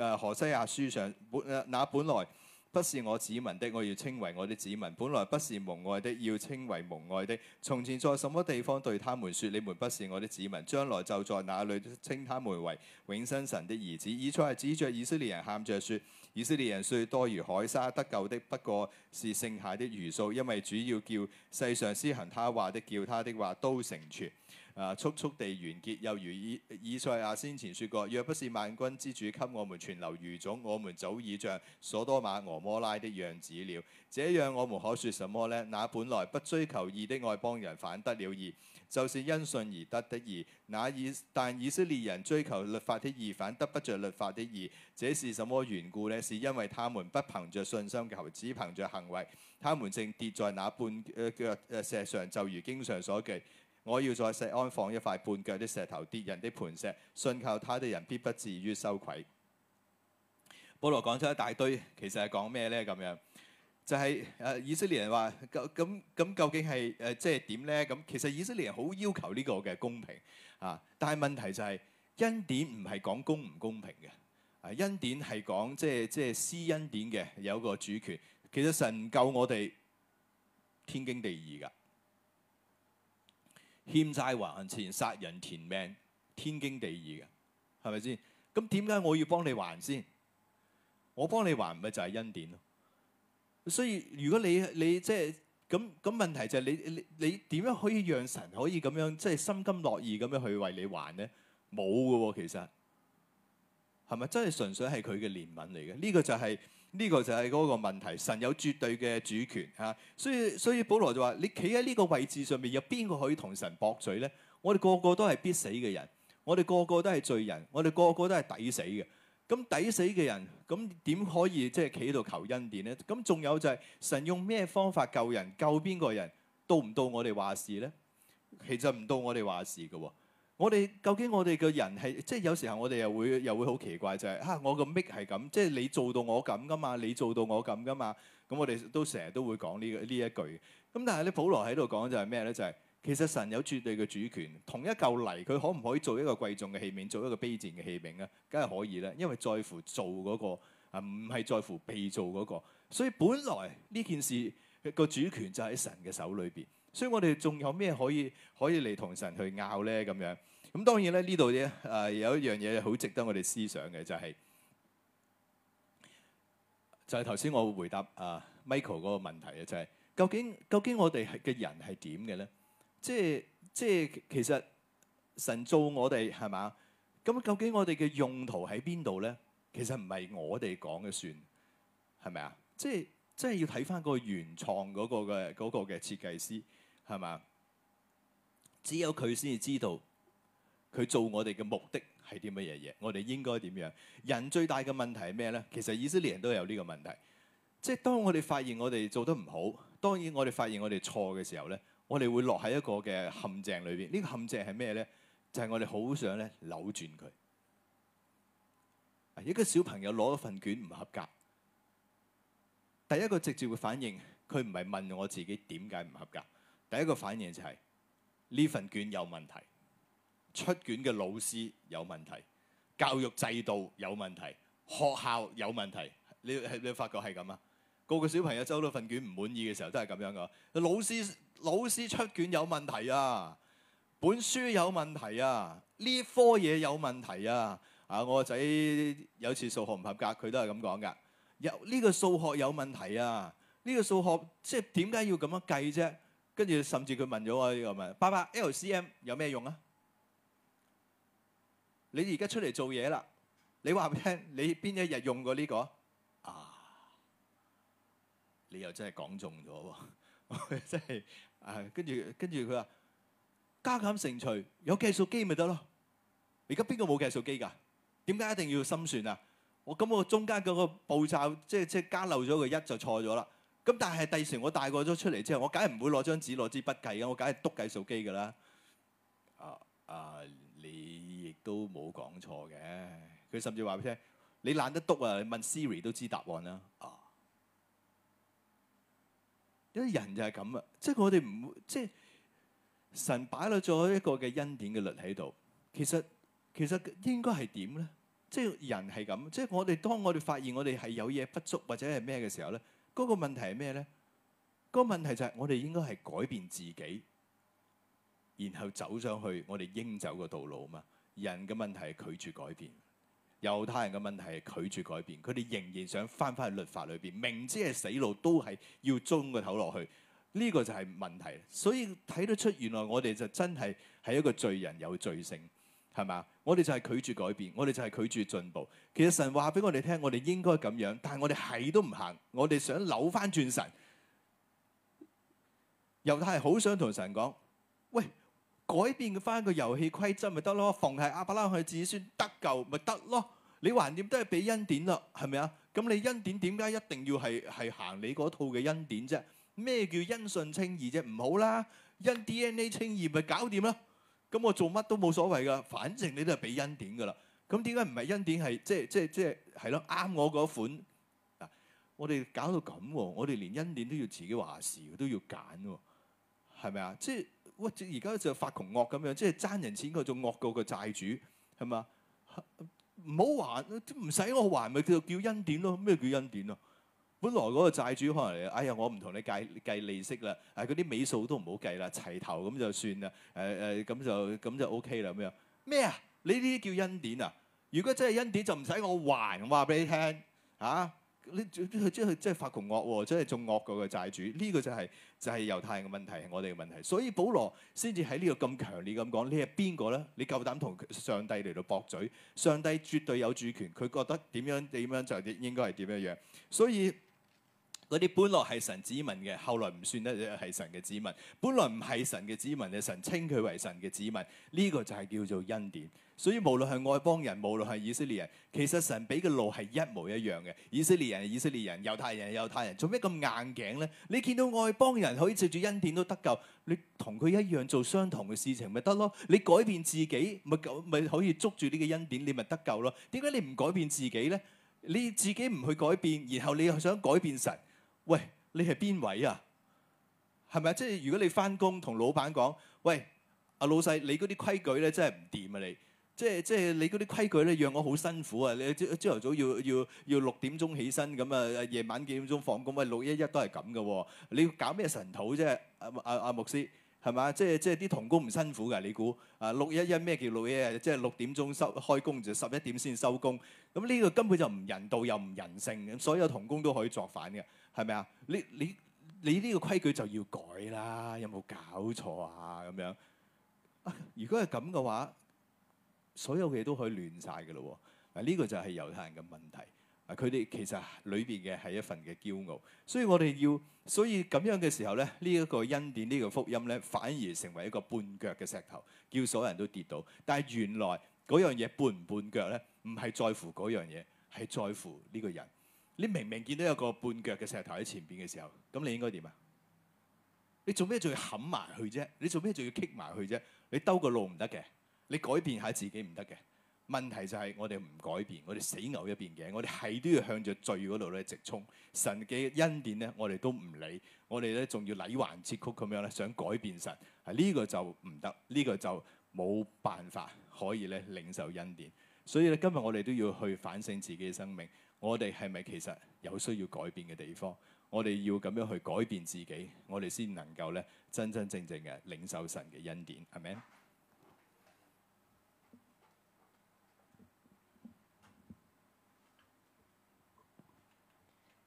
Speaker 1: 啊、何西亞書上本那、啊、本來。不是我子民的，我要稱為我的子民；本來不是蒙愛的，要稱為蒙愛的。從前在什麼地方對他們說，你們不是我的子民，將來就在那裡稱他們為永生神的兒子。以賽亞指着以色列人喊着說：以色列人雖多如海沙，得救的不過是剩下的餘數，因為主要叫世上施行他話的，叫他的話都成全。啊、速速地完結，又如以以賽亞先前説過：若不是萬軍之主給我們存留餘種，我們早已像所多瑪、蛾摩拉的樣子了。這樣我們可説什麼呢？那本來不追求義的外邦人，反得了義，就是因信而得的義。那以但以色列人追求律法的義，反得不着律法的義。這是什麼緣故呢？是因為他們不憑着信心求，只憑着行為，他們正跌在那絆腳、呃呃、石上，就如經上所記。我要在錫安放一塊絆腳的石頭跌，跌人的磐石，信靠他的人必不至於羞愧。保羅講咗一大堆，其實係講咩呢？咁樣就係、是、誒、啊，以色列人話，咁咁究竟係誒、呃，即係點呢？」咁其實以色列人好要求呢個嘅公平啊，但係問題就係、是、恩典唔係講公唔公平嘅，啊，恩典係講即係即係施恩典嘅有一個主權。其實神救我哋天經地義噶。欠債還錢，殺人填命，天經地義嘅，係咪先？咁點解我要幫你還先？我幫你還咪就係恩典咯。所以如果你你即係咁咁問題就係你你你點樣可以讓神可以咁樣即係、就是、心甘樂意咁樣去為你還呢？冇嘅喎，其實係咪真係純粹係佢嘅憐憫嚟嘅？呢、呢個就係、是。呢個就係嗰個問題。神有絕對嘅主權嚇、啊，所以所以，保羅就話：你企喺呢個位置上面，有邊個可以同神駁嘴呢？我哋個個都係必死嘅人，我哋個個都係罪人，我哋個個都係抵死嘅。咁抵死嘅人，咁點可以即係企喺度求恩典呢？咁仲有就係、是、神用咩方法救人？救邊個人到唔到我哋話事呢？其實唔到我哋話事嘅喎。我哋究竟我哋嘅人係即係有時候我哋又會又會好奇怪就係嚇，啊，我個 make 係咁，即係你做到我咁噶嘛？你做到我咁噶嘛？咁我哋都成日都會講呢個呢一句。咁但係，咧，保羅喺度講就係咩咧？就係其實神有絕對嘅主權，同一嚿泥，佢可唔可以做一個貴重嘅器皿，做一個卑賤嘅器皿咧？梗係可以咧，因為在乎做嗰個啊，唔係在乎被做嗰個。所以本來呢件事個主權就喺神嘅手裏邊，所以我哋仲有咩可以可以嚟，同神去拗咧？咁樣。咁當然咧，呢度嘅誒有一樣嘢好值得我哋思想嘅，就係就係頭先我回答啊 Michael 嗰個問題啊，就係究竟究竟我哋嘅人係點嘅咧？即係即係其實神造我哋係嘛？咁究竟我哋嘅用途喺邊度咧？其實唔係我哋講嘅算係咪啊？即係即係要睇翻個原創嗰個嘅嗰個嘅設計師係嘛？只有佢先知道。佢做我哋嘅目的係啲乜嘢嘢？我哋應該點樣？人最大嘅問題係咩咧？其實以色列人都有呢個問題，即係當我哋發現我哋做得唔好，當然我哋發現我哋錯嘅時候咧，我哋會落喺一個嘅陷阱裏邊，呢個陷阱係咩咧？就係我哋好想咧扭轉佢。一個小朋友攞一份卷唔合格，第一個直接嘅反應，佢唔係問我自己點解唔合格，第一個反應就係呢份卷有問題。出卷嘅老師有問題，教育制度有問題，學校有問題。你係你發覺係咁啊？個個小朋友收到份卷唔滿意嘅時候，都係咁樣噶。老師老師出卷有問題啊，本書有問題啊，呢科嘢有問題啊。啊，我個仔有次數學唔合格，佢都係咁講噶。有呢個數學有問題啊，呢個數學即係點解要咁樣計啫？跟住甚至佢問咗我：呢個問八八 L C M 有咩用啊？你而家出嚟做嘢啦，你話畀聽？你邊一日用過呢個？啊，你又真係講中咗喎！真係啊，跟住跟住佢話加減乘除有計數機咪得咯？而家邊個冇計數機㗎？點解一定要心算啊？我咁我中間嗰個步驟即係即係加漏咗個一就錯咗啦。咁但係第時我大個咗出嚟之後，我梗係唔會攞張紙攞支筆計嘅，我梗係篤計數機㗎啦。啊啊你～亦都冇講錯嘅。佢甚至話俾你聽：你懶得讀啊，你問 Siri 都知答案啦啊！有啲人就係咁啊，即係我哋唔即係神擺落咗一個嘅恩典嘅律喺度。其實其實應該係點咧？即係人係咁，即係我哋當我哋發現我哋係有嘢不足或者係咩嘅時候咧，嗰個問題係咩咧？個問題就係我哋應該係改變自己，然後走上去我哋應走嘅道路啊嘛。人嘅問題係拒絕改變，猶太人嘅問題係拒絕改變，佢哋仍然想翻返去律法裏邊，明知係死路都係要舂個頭落去，呢個就係問題。所以睇得出原來我哋就真係係一個罪人有罪性，係咪？我哋就係拒絕改變，我哋就係拒絕進步。其實神話俾我哋聽，我哋應該咁樣，但係我哋係都唔行，我哋想扭翻轉神。猶太人好想同神講，喂！改變翻個遊戲規則咪得咯，凡係亞伯拉罕嘅子孫得救咪得咯，你橫掂都係俾恩典咯，係咪啊？咁你恩典點解一定要係係行你嗰套嘅恩典啫？咩叫因信稱義啫？唔好啦，因 DNA 稱義咪搞掂啦。咁我做乜都冇所謂噶，反正你都係俾恩典噶啦。咁點解唔係恩典係即係即係即係係咯啱我嗰款？我哋搞到咁，我哋連恩典都要自己話事，都要揀，係咪啊？即係。我而家就發窮惡咁樣，即係爭人錢，佢仲惡過個債主係嘛？唔好還唔使我還咪叫叫恩典咯？咩叫恩典咯，啊？本來嗰個債主可能哎呀，我唔同你計計利息啦，誒嗰啲尾數都唔好計啦，齊頭咁就算啦。誒誒咁就咁就 OK 啦咁樣咩啊？你呢啲叫恩典啊？如果真係恩典就唔使我還，話俾你聽吓。啊你佢即係即係發窮惡，即係仲惡過個債主。呢個就係就係猶太人嘅問題，係我哋嘅問題。所以保羅先至喺呢度咁強烈咁講：你係邊個咧？你夠膽同上帝嚟到駁嘴？上帝絕對有主權，佢覺得點樣點樣就應該係點樣樣。所以嗰啲本來係神子民嘅，後來唔算得係神嘅子民；本來唔係神嘅子民嘅，神稱佢為神嘅子民。呢個就係叫做恩典。所以無論係外邦人，無論係以色列人，其實神俾嘅路係一模一樣嘅。以色列人係以色列人，猶太人係猶太人，做咩咁硬頸呢？你見到外邦人可以借住恩典都得救，你同佢一樣做相同嘅事情咪得咯？你改變自己咪咁咪可以捉住呢個恩典，你咪得救咯？點解你唔改變自己呢？你自己唔去改變，然後你又想改變神？喂，你係邊位啊？係咪？即係如果你翻工同老闆講：喂，阿老細，你嗰啲規矩咧真係唔掂啊！你即係即係你嗰啲規矩咧，讓我好辛苦啊！你朝朝頭早要要要六點鐘起身咁啊，夜晚幾點鐘放工？喂，六一一都係咁嘅喎！你要搞咩神討啫、啊？阿阿阿牧師係咪啊？即係即係啲童工唔辛苦㗎、啊？你估啊？六一一咩叫六一一？即係六點鐘收開工，就十一點先收工。咁呢個根本就唔人道又唔人性嘅。所有童工都可以作反嘅，係咪啊？你你你呢個規矩就要改啦！有冇搞錯啊？咁樣、啊？如果係咁嘅話。所有嘢都可以亂曬嘅咯喎。啊呢個就係猶太人嘅問題。啊佢哋其實裏邊嘅係一份嘅驕傲，所以我哋要，所以咁樣嘅時候咧，呢一個恩典呢個福音咧，反而成為一個絆腳嘅石頭，叫所有人都跌倒。但係原來嗰樣嘢絆唔絆腳咧，唔係在乎嗰樣嘢，係在乎呢個人。你明明見到有個絆腳嘅石頭喺前邊嘅時候，咁你應該點啊？你做咩仲要冚埋去啫？你做咩仲要棘埋去啫？你兜個路唔得嘅。你改變下自己唔得嘅？問題就係我哋唔改變，我哋死牛一邊頸，我哋係都要向著罪嗰度咧直衝。神嘅恩典咧，我哋都唔理，我哋咧仲要禮還切曲咁樣咧，想改變神，呢個就唔得，呢個就冇辦法可以咧領受恩典。所以咧，今日我哋都要去反省自己嘅生命，我哋係咪其實有需要改變嘅地方？我哋要咁樣去改變自己，我哋先能夠咧真真正正嘅領受神嘅恩典。係咪？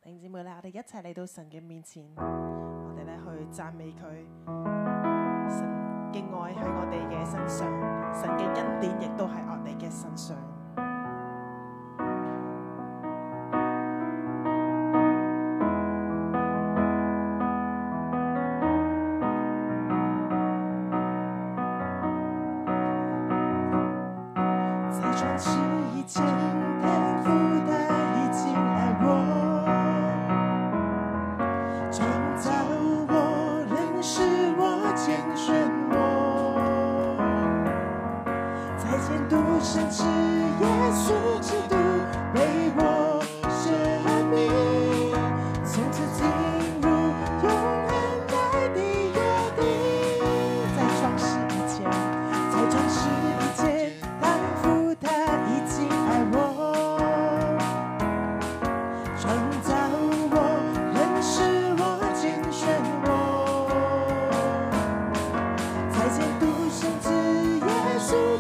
Speaker 2: 弟兄姊妹啦，我哋一齊嚟到神嘅面前，
Speaker 3: 我哋咧去
Speaker 2: 讚美佢，神嘅愛喺我哋嘅身上，神嘅恩典亦都喺我哋嘅身上。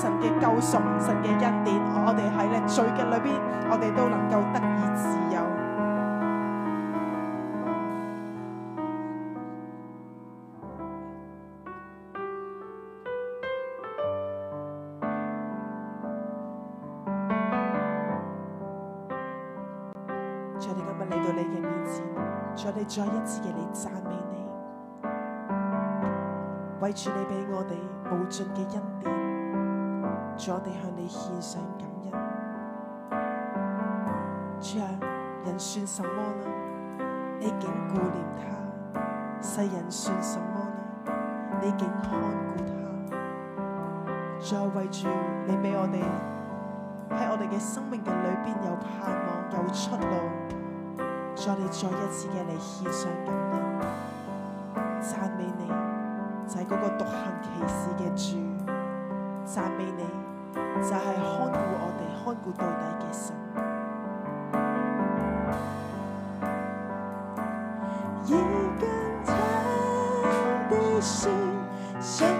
Speaker 2: 神嘅救贖，神嘅恩典，我哋喺咧罪嘅裏邊，我哋都能夠得以自由。我哋今日嚟到你嘅面前，只要你再一次嘅嚟讚美你，為住你俾我哋無盡嘅恩典。我哋向你獻上感恩。主啊，人算什麼呢？你竟顧念他；世人算什麼呢？你竟看顧他。再為住你俾我哋喺我哋嘅生命嘅裏邊有盼望，有出路。再你再一次嘅你獻上感恩，讚美你就係、是、嗰個獨行奇事嘅主，讚美你。就係看顧我哋，看顧到底嘅
Speaker 3: 心。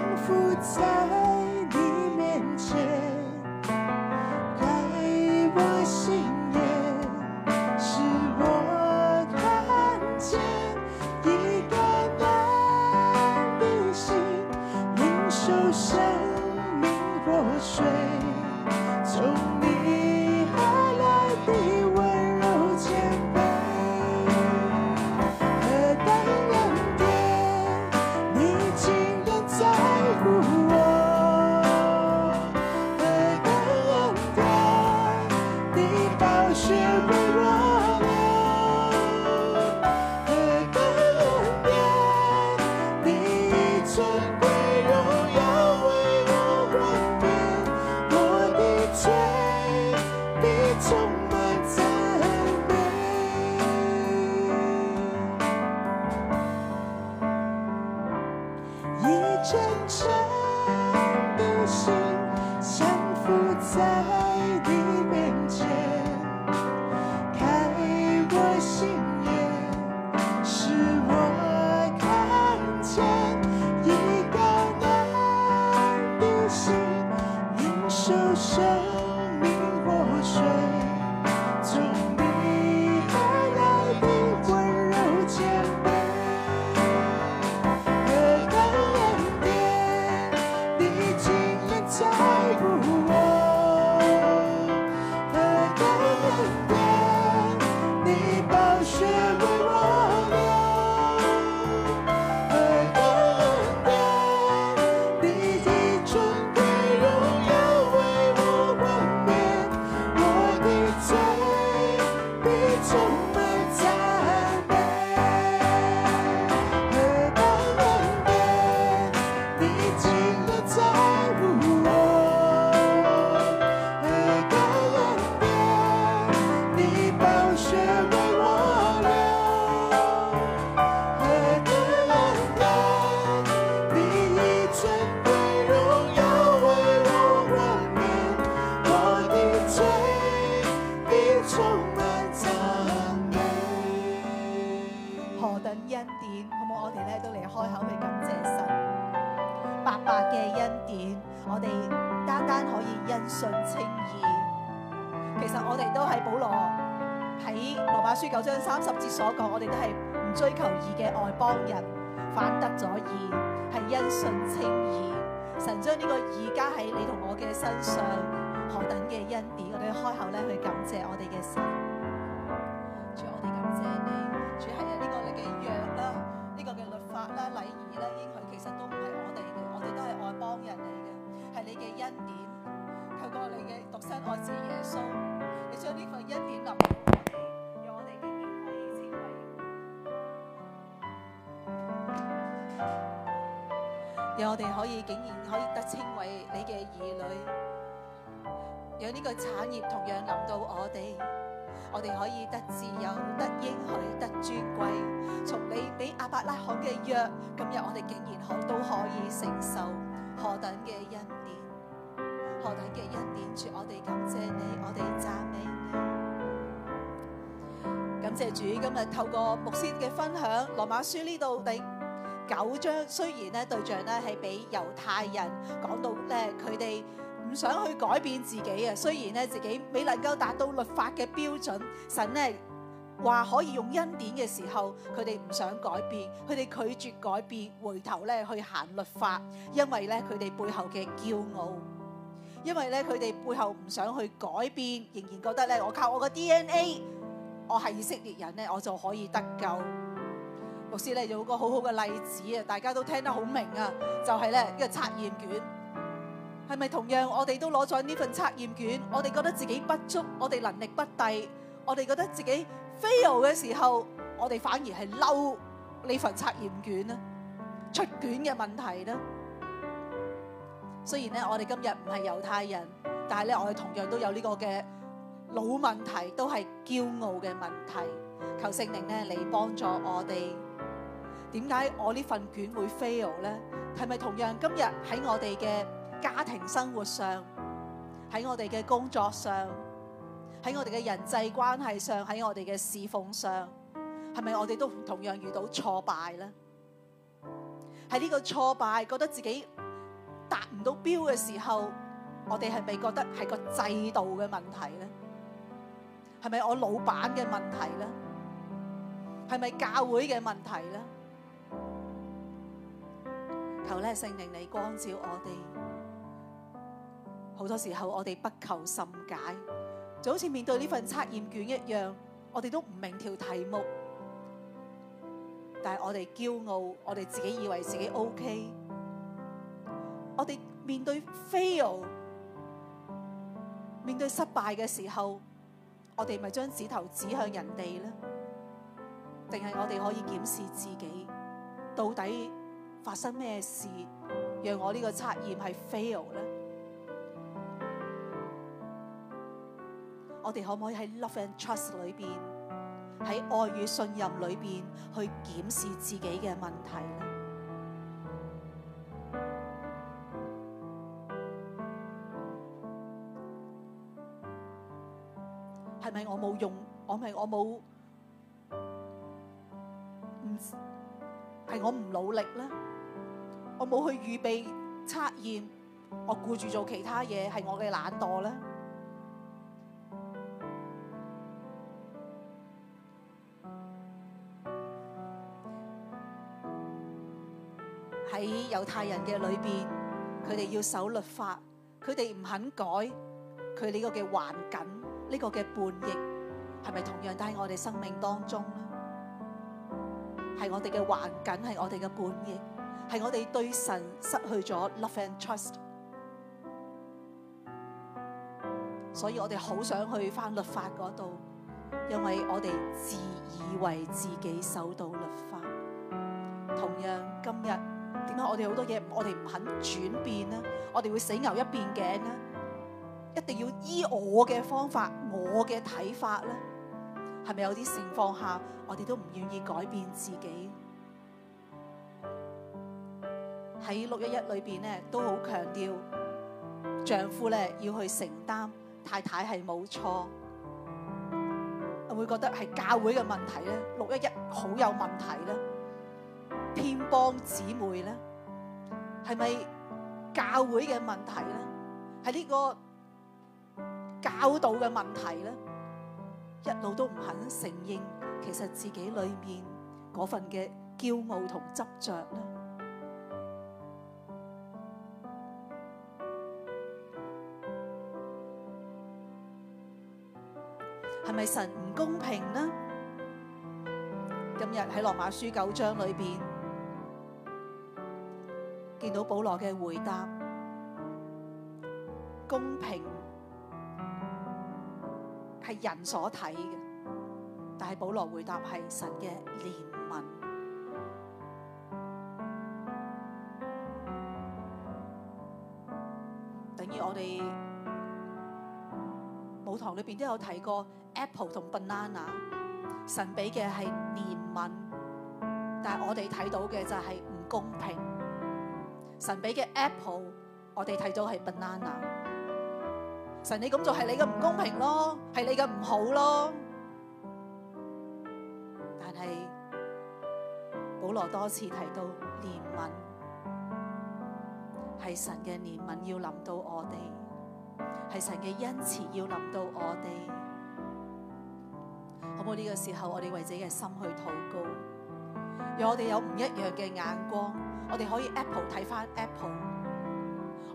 Speaker 4: 所講我哋都係唔追求義嘅外邦人，反得咗義，係因信稱義。神將呢個義加喺你同我嘅身上，何等嘅恩典！我哋開口咧去感謝我哋嘅神。我哋可以竟然可以得稱為你嘅兒女，讓呢個產業同樣臨到我哋，我哋可以得自由、得應許、得尊貴。從你俾亞伯拉罕嘅約，今日我哋竟然可都可以承受何等嘅恩典，何等嘅恩典！主，我哋感謝你，我哋贊美你。感謝主，今日透過牧師嘅分享，《羅馬書》呢度第九章，雖然咧對象咧係俾猶太人講到咧，佢哋唔想去改變自己啊。雖然咧自己未能夠達到律法嘅標準，神咧話可以用恩典嘅時候，佢哋唔想改變，佢哋拒絕改變，回頭咧去行律法，因為咧佢哋背後嘅驕傲，因為咧佢哋背後唔想去改變，仍然覺得咧我靠我個 DNA，我係以色列人咧，我就可以得救。牧師咧有個好好嘅例子啊，大家都聽得好明啊，就係咧呢個測驗卷，係咪同樣我哋都攞咗呢份測驗卷？我哋覺得自己不足，我哋能力不低。我哋覺得自己 fail 嘅時候，我哋反而係嬲呢份測驗卷呢？出卷嘅問題呢？雖然呢，我哋今日唔係猶太人，但係咧我哋同樣都有呢個嘅老問題，都係驕傲嘅問題。求聖靈呢，你幫助我哋。點解我呢份卷會 fail 咧？係咪同樣今日喺我哋嘅家庭生活上，喺我哋嘅工作上，喺我哋嘅人際關係上，喺我哋嘅侍奉上，係咪我哋都同樣遇到挫敗咧？喺呢個挫敗覺得自己達唔到標嘅時候，我哋係咪覺得係個制度嘅問題咧？係咪我老闆嘅問題咧？係咪教會嘅問題咧？求咧，聖靈你光照我哋。好多時候，我哋不求甚解，就好似面對呢份測驗卷一樣，我哋都唔明條題目。但係我哋驕傲，我哋自己以為自己 OK。我哋面對 fail，面對失敗嘅時候，我哋咪將指頭指向人哋咧，定係我哋可以檢視自己到底？發生咩事讓我呢個測驗係 fail 咧？我哋可唔可以喺 love and trust 裏邊，喺愛與信任裏邊去檢視自己嘅問題咧？係咪我冇用？係咪我冇？唔係我唔努力咧？我冇去預備測驗，我顧住做其他嘢，係我嘅懶惰啦。喺猶太人嘅裏邊，佢哋要守律法，佢哋唔肯改佢呢個嘅環境，呢個嘅叛逆，係咪同樣都喺我哋生命當中咧？係我哋嘅環境，係我哋嘅叛逆。係我哋對神失去咗 love and trust，所以我哋好想去翻律法嗰度，因為我哋自以為自己守到律法。同樣今日，點解我哋好多嘢，我哋唔肯轉變呢？我哋會死牛一邊頸呢？一定要依我嘅方法，我嘅睇法呢？係咪有啲情況下，我哋都唔願意改變自己？喺六一一裏邊咧，都好強調丈夫咧要去承擔，太太係冇錯。我會覺得係教會嘅問題咧，六一一好有問題咧，偏幫姊妹咧，係咪教會嘅問題咧？係呢個教導嘅問題咧？一路都唔肯承認，其實自己裏面嗰份嘅驕傲同執着咧。係咪神唔公平呢？今日喺羅馬書九章裏邊見到保羅嘅回答，公平係人所睇嘅，但係保羅回答係神嘅憐。裏邊都有提過 Apple 同 banana，神俾嘅係憐憫，但係我哋睇到嘅就係唔公平。神俾嘅 Apple，我哋睇到係 banana。神你咁做係你嘅唔公平咯，係你嘅唔好咯。但係保羅多次提到憐憫，係神嘅憐憫要臨到我哋。係神嘅恩慈要臨到我哋，好冇？呢個時候我哋為自己嘅心去禱告，讓我哋有唔一樣嘅眼光，我哋可以 Apple 睇返 Apple，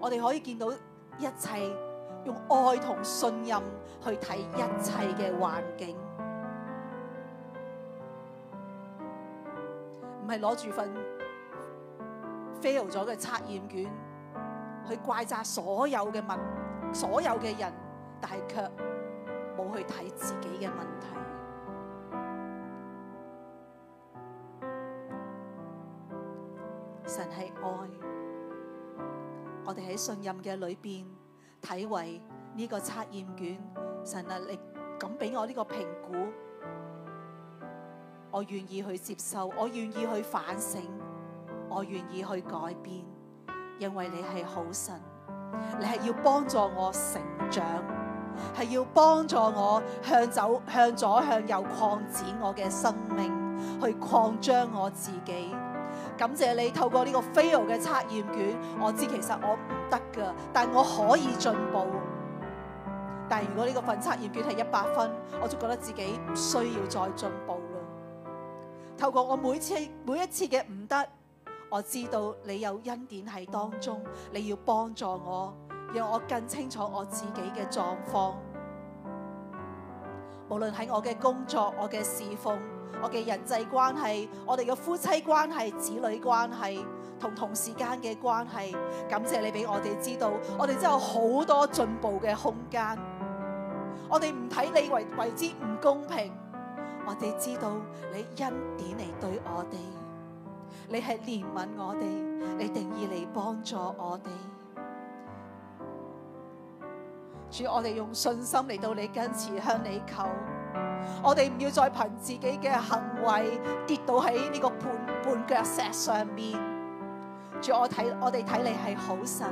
Speaker 4: 我哋可以見到一切用愛同信任去睇一切嘅環境，唔係攞住份 fail 咗嘅測驗卷去怪責所有嘅物。所有嘅人，但係卻冇去睇自己嘅問題。神係愛，我哋喺信任嘅裏邊體會呢個測驗卷。神啊，力咁俾我呢個評估，我願意去接受，我願意去反省，我願意去改變，因為你係好神。你係要幫助我成長，係要幫助我向走向左向右擴展我嘅生命，去擴張我自己。感謝你透過呢個 fail 嘅測驗卷，我知其實我唔得噶，但我可以進步。但如果呢個份測驗卷係一百分，我就覺得自己唔需要再進步啦。透過我每次每一次嘅唔得。我知道你有恩典喺當中，你要幫助我，讓我更清楚我自己嘅狀況。無論喺我嘅工作、我嘅侍奉、我嘅人際關係、我哋嘅夫妻關係、子女關係、同同事間嘅關係，感謝你俾我哋知道，我哋真有好多進步嘅空間。我哋唔睇你為為之唔公平，我哋知道你恩典嚟對我哋。你係憐憫我哋，你定義嚟幫助我哋。主，我哋用信心嚟到你跟前向你求，我哋唔要再憑自己嘅行為跌倒喺呢個絆絆腳石上面。主，我睇我哋睇你係好神，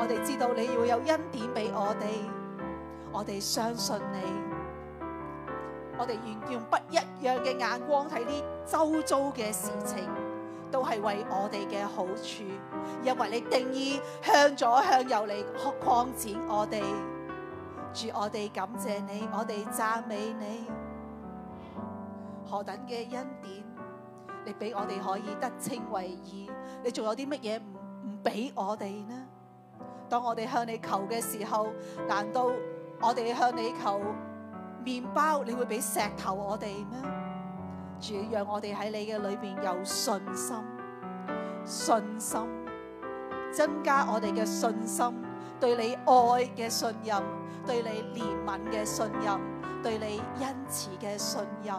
Speaker 4: 我哋知道你要有恩典俾我哋，我哋相信你。我哋願用不一樣嘅眼光睇呢周遭嘅事情，都係為我哋嘅好處，因為你定義向左向右嚟擴展我哋。主，我哋感謝你，我哋贊美你。何等嘅恩典，你俾我哋可以得稱為義，你仲有啲乜嘢唔唔俾我哋呢？當我哋向你求嘅時候，難道我哋向你求？麵包你會俾石頭我哋咩？主讓我哋喺你嘅裏邊有信心，信心增加我哋嘅信心，對你愛嘅信任，對你憐憫嘅信任，對你恩賜嘅信任。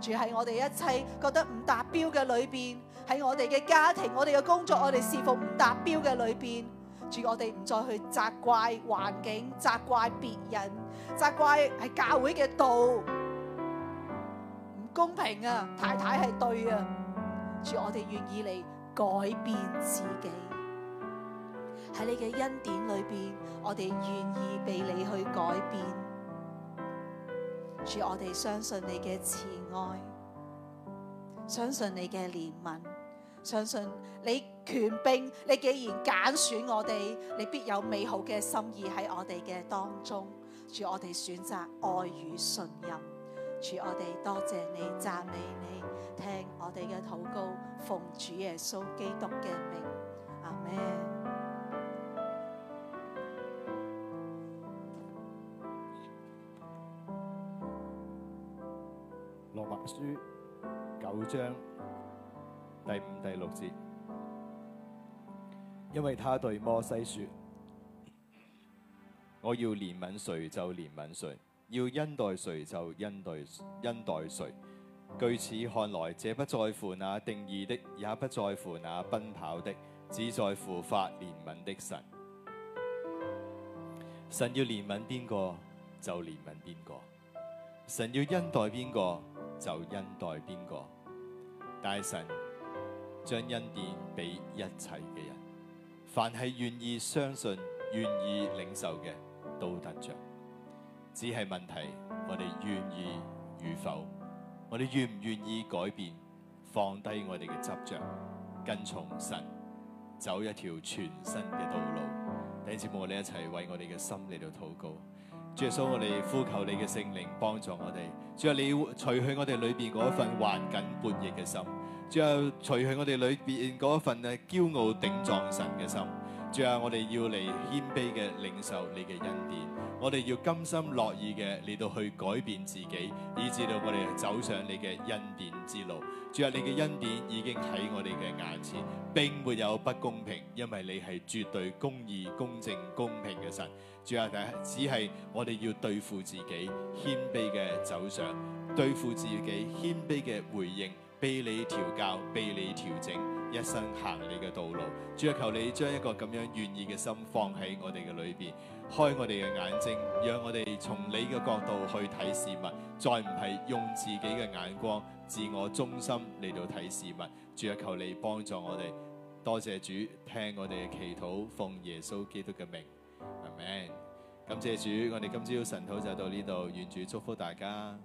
Speaker 4: 主喺我哋一切覺得唔達標嘅裏邊，喺我哋嘅家庭、我哋嘅工作、我哋侍奉唔達標嘅裏邊，主我哋唔再去責怪環境、責怪別人。責怪係教會嘅道唔公平啊！太太係對啊，主，我哋願意嚟，改變自己喺你嘅恩典裏面，我哋願意畀你去改變。主，我哋相信你嘅慈愛，相信你嘅憐憫，相信你權柄。你既然揀選，選我哋，你必有美好嘅心意喺我哋嘅當中。主，我哋選擇愛與信任，主，我哋多謝你讚美你，聽我哋嘅禱告，奉主耶穌基督嘅名，阿門。
Speaker 1: 《羅馬書》九章第五、第六節，因為他對摩西說。我要憐憫誰就憐憫誰，要恩待誰就恩待恩待誰。據此看來，這不在乎那定意的，也不在乎那奔跑的，只在乎發憐憫的神。神要憐憫邊個就憐憫邊個，神要恩待邊個就恩待邊個。但神將恩典俾一切嘅人，凡係願意相信、願意領受嘅。都得着，只係問題，我哋願意與否，我哋願唔願意改變，放低我哋嘅執着，跟從神，走一條全新嘅道路。第一節目我哋一齊為我哋嘅心嚟到禱告，最後我哋呼求你嘅聖靈幫助我哋，最後你要除去我哋裏邊嗰一份患緊半熱嘅心，最後除去我哋裏邊嗰一份誒驕傲頂撞神嘅心。主啊，我哋要嚟謙卑嘅領受你嘅恩典，我哋要甘心樂意嘅嚟到去改變自己，以至到我哋走上你嘅恩典之路。主啊，你嘅恩典已經喺我哋嘅眼前，並沒有不公平，因為你係絕對公義、公正、公平嘅神。主啊，但係只係我哋要對付自己謙卑嘅走上，對付自己謙卑嘅回應，被你調教，被你調整。一生行你嘅道路，主啊，求你將一個咁樣願意嘅心放喺我哋嘅裏邊，開我哋嘅眼睛，讓我哋從你嘅角度去睇事物，再唔係用自己嘅眼光、自我中心嚟到睇事物。主啊，求你幫助我哋，多謝主，聽我哋嘅祈禱，奉耶穌基督嘅名，阿門。感謝主，我哋今朝神討就到呢度，願主祝福大家。